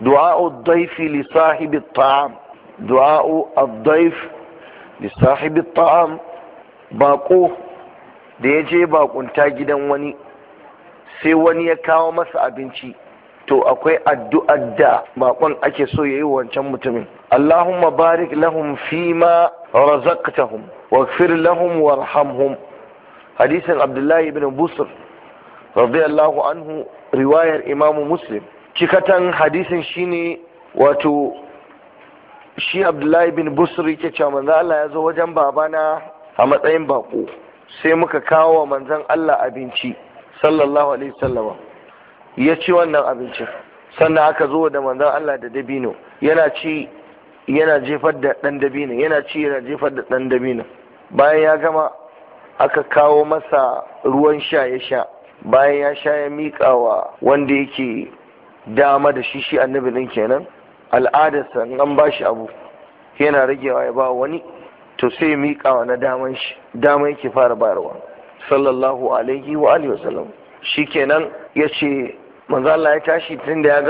دعاء الضيف لصاحب الطعام دعاء الضيف لصاحب الطعام باقو da ya je bakunta gidan wani sai wani ya kawo masa abinci to akwai addu'ar da bakon ake so ya yi wancan mutumin Allahumma barik lahum fima razaqtahum waghfir lahum warhamhum hadisin Abdullahi ibn Busr radiyallahu anhu riwayar Imam Muslim cikatan hadisin shine wato shi abdullahi bin busri ke cewa manzan Allah ya zo wajen babana a matsayin bako sai muka kawo wa manzan Allah abinci sallallahu alaihi sallama ya ci wannan abincin sannan aka zo da manzan Allah da dabino yana ci yana jefar da ɗan dabino yana ci yana jefar da ɗan dabino bayan ya gama aka kawo masa ruwan sha ya sha bayan ya sha ya miƙa wa wanda yake dama da shi shi annabi din kenan al'adar sa an shi abu yana ragewa ya ba wani to sai wa na daman shi dama yake fara bayarwa sallallahu alaihi wa alihi wasallam shikenan yace manzo Allah ya tashi tunda ya